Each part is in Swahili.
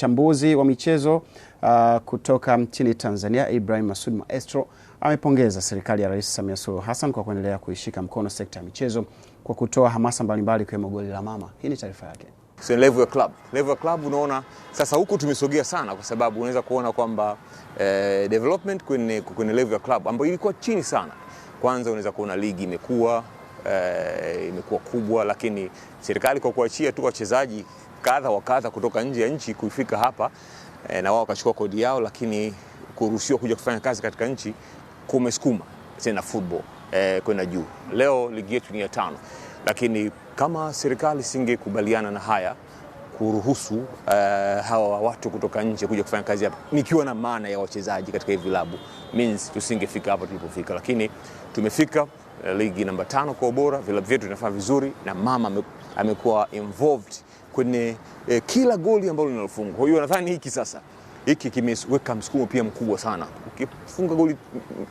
mchambuzi wa michezo uh, kutoka nchini Tanzania Ibrahim Masud Maestro amepongeza serikali ya Rais Samia Suluhu Hassan kwa kuendelea kuishika mkono sekta ya michezo kwa kutoa hamasa mbalimbali ikiwemo Goli la Mama. Hii ni taarifa yake. So, level ya club. Level ya club unaona sasa huku tumesogea sana kwa sababu unaweza kuona kwamba eh, development kwenye, kwenye level ya club ambayo ilikuwa chini sana. Kwanza unaweza kuona ligi imekuwa eh, imekuwa kubwa, lakini serikali kwa kuachia tu wachezaji kadha wa kadha kutoka nje ya nchi kuifika hapa eh, na wao wakachukua kodi yao, lakini kuruhusiwa kuja kufanya kazi katika nchi kumesukuma tena football eh, kwenda juu. Leo ligi yetu ni ya tano, lakini kama serikali singekubaliana na haya kuruhusu uh, hawa watu kutoka nje kuja kufanya kazi hapa, nikiwa na maana ya wachezaji katika hivi vilabu, means tusingefika hapa tulipofika, lakini tumefika. Eh, ligi namba tano kwa ubora, vilabu vyetu vinafanya vizuri na mama amekuwa involved kwenye eh, kila goli ambalo linalofungwa. Kwa hiyo nadhani hiki sasa hiki kimeweka msukumo pia mkubwa sana. Ukifunga goli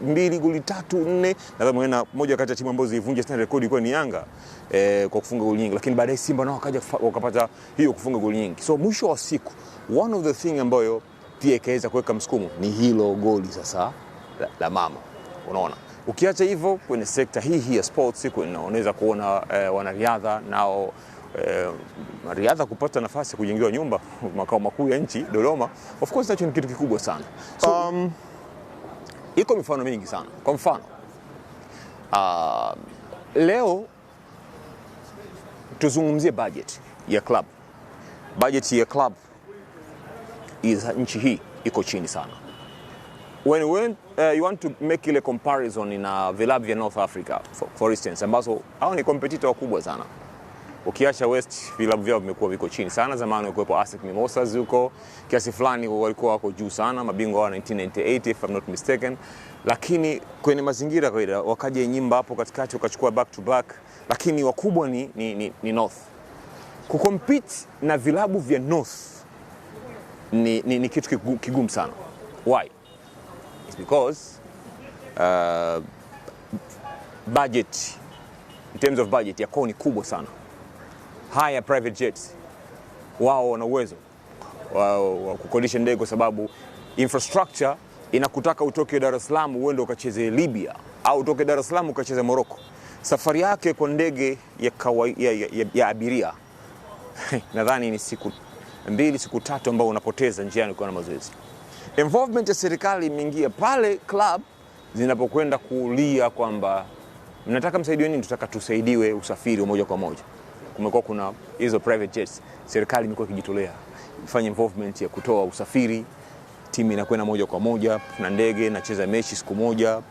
mbili, goli tatu, nne, nadhani moja kati ya timu ambazo zilivunja sana rekodi ilikuwa ni Yanga eh, kwa kufunga goli nyingi, lakini baadaye Simba nao wakaja wakapata hiyo kufunga goli nyingi. So mwisho wa siku one of the thing ambayo pia ikaweza kuweka msukumo ni hilo goli sasa la, la mama, unaona Ukiacha hivyo kwenye sekta hii hii ya sports unaweza kuona eh, wanariadha nao eh, riadha kupata nafasi ya kujengewa nyumba makao makuu ya nchi Dodoma, of course nacho ni kitu kikubwa sana so, um, iko mifano mingi sana. Kwa mfano uh, leo tuzungumzie budget ya club. Budget ya club nchi hii iko chini sana. When, we went, uh, you want to make ile comparison na vilabu vya North Africa for, for instance, ambazo hao ni competitor wakubwa sana ukiacha West vilabu vyao vimekuwa viko chini sana. Zamani walikuwepo ASEC Mimosas huko kiasi fulani walikuwa wako juu sana, mabingwa wa 1998 if I'm not mistaken, lakini kwenye mazingira kawaida wakaja Nyimba hapo katikati wakachukua back to back, lakini wakubwa ni, ni, ni, ni North. Kucompete na vilabu vya North ni, ni, ni kitu kigumu sana. Why? It's because uh, budget in terms of budget yako ni kubwa sana. Haya private jets wao wana uwezo wa kukodisha ndege, kwa sababu infrastructure inakutaka utoke Dar es Salaam uende ukacheze Libya au utoke Dar es Salaam ukacheze Morocco. Safari yake kwa ndege ya, ya, ya, ya abiria nadhani ni siku mbili siku tatu ambao unapoteza njiani ukiwa na mazoezi. Involvement ya serikali imeingia pale club zinapokwenda kulia kwamba mnataka msaidiwe nini, tutaka tusaidiwe usafiri moja kwa moja. Kumekuwa kuna hizo private jets, serikali imekuwa ikijitolea ifanye involvement ya kutoa usafiri, timu inakwenda moja kwa moja na ndege, inacheza mechi siku moja,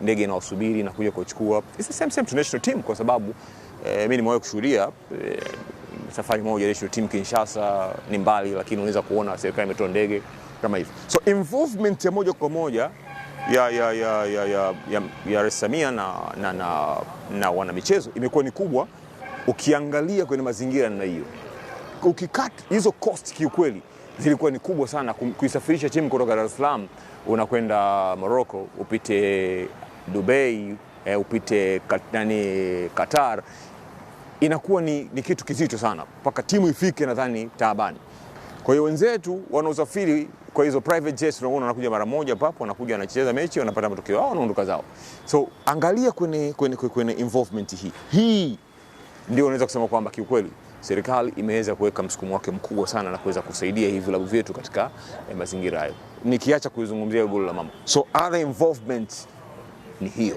ndege inawasubiri na kuja kuchukua. It's the same same to national team kwa sababu eh, mimi nimewahi kushuhudia eh, safari moja national team Kinshasa, ni mbali, lakini unaweza kuona serikali imetoa ndege kama hivyo. So involvement ya moja kwa moja ya, ya, ya, ya, ya, ya, ya Rais Samia na, na, na, na wanamichezo imekuwa ni kubwa, ukiangalia kwenye mazingira namna hiyo, ukikat hizo cost kiukweli zilikuwa ni kubwa sana. Kuisafirisha timu kutoka Dar es Salaam unakwenda Morocco, upite Dubai, eh, upite nani, Qatar, inakuwa ni, ni kitu kizito sana mpaka timu ifike nadhani taabani. Kwa hiyo wenzetu wanaosafiri kwa hizo private jets tunaona wanakuja mara moja papo, wanakuja wanacheza mechi, wanapata matokeo yao, wanaondoka zao. So angalia kwenye, kwenye, kwenye involvement hii hii ndio unaweza kusema kwamba kiukweli serikali imeweza kuweka msukumo wake mkubwa sana na kuweza kusaidia hivi vilabu vyetu katika eh, mazingira hayo, nikiacha kuizungumzia goli la mama. So other involvement ni hiyo.